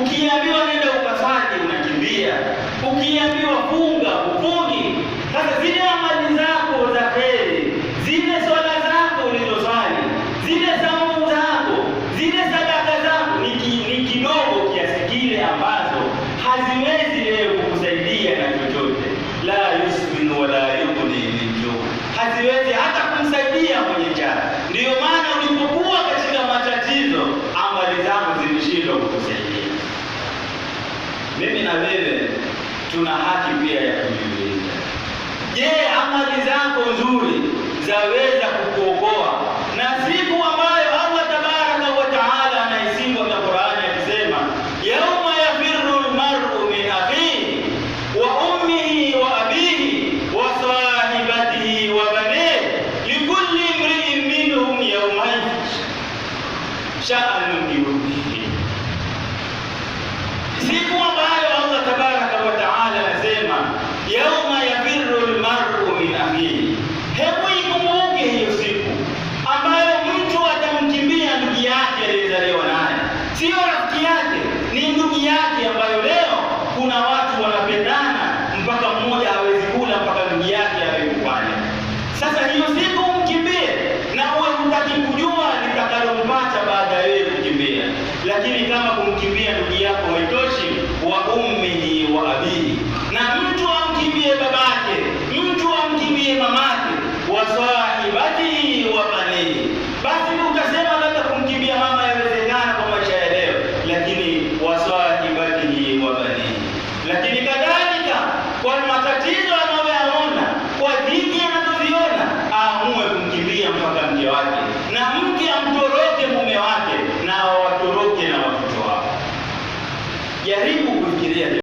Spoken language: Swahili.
Ukiambiwa nenda ukafanye, unakimbia. Ukiambiwa funga, ufungi. Sasa zile amali zako za heri, zile swala zako ulizosali, zile saumu zako, zile sadaka zako ni kidogo kiasi kile ambazo haziwezi wewe kukusaidia na chochote, la yusbinu wala yughni min juu, haziwezi hata kumsaidia mwenye njaa. ndio maana mimi na wewe tuna haki pia ya kujiuliza, je, amali zako nzuri zaweza kukuokoa na siku ambayo Allah tabaraka wa taala anaisimu katika Qur'ani akisema, yauma yafirru almar'u min akhihi wa ummihi wa abihi wa sahibatihi wa banihi likulli mriin minhum yawma sha'anun yughnihi siku lakini kama kumkimbia ndugu yako haitoshi, wa ummihi wa abihi, na mtu amkimbie babake, mtu amkimbie mamake, wa sahibatihi wa banihi. Basi ukasema labda kumkimbia mama yawezekana kwa maisha ya leo, lakini wa sahibatihi wa banihi, lakini kada diría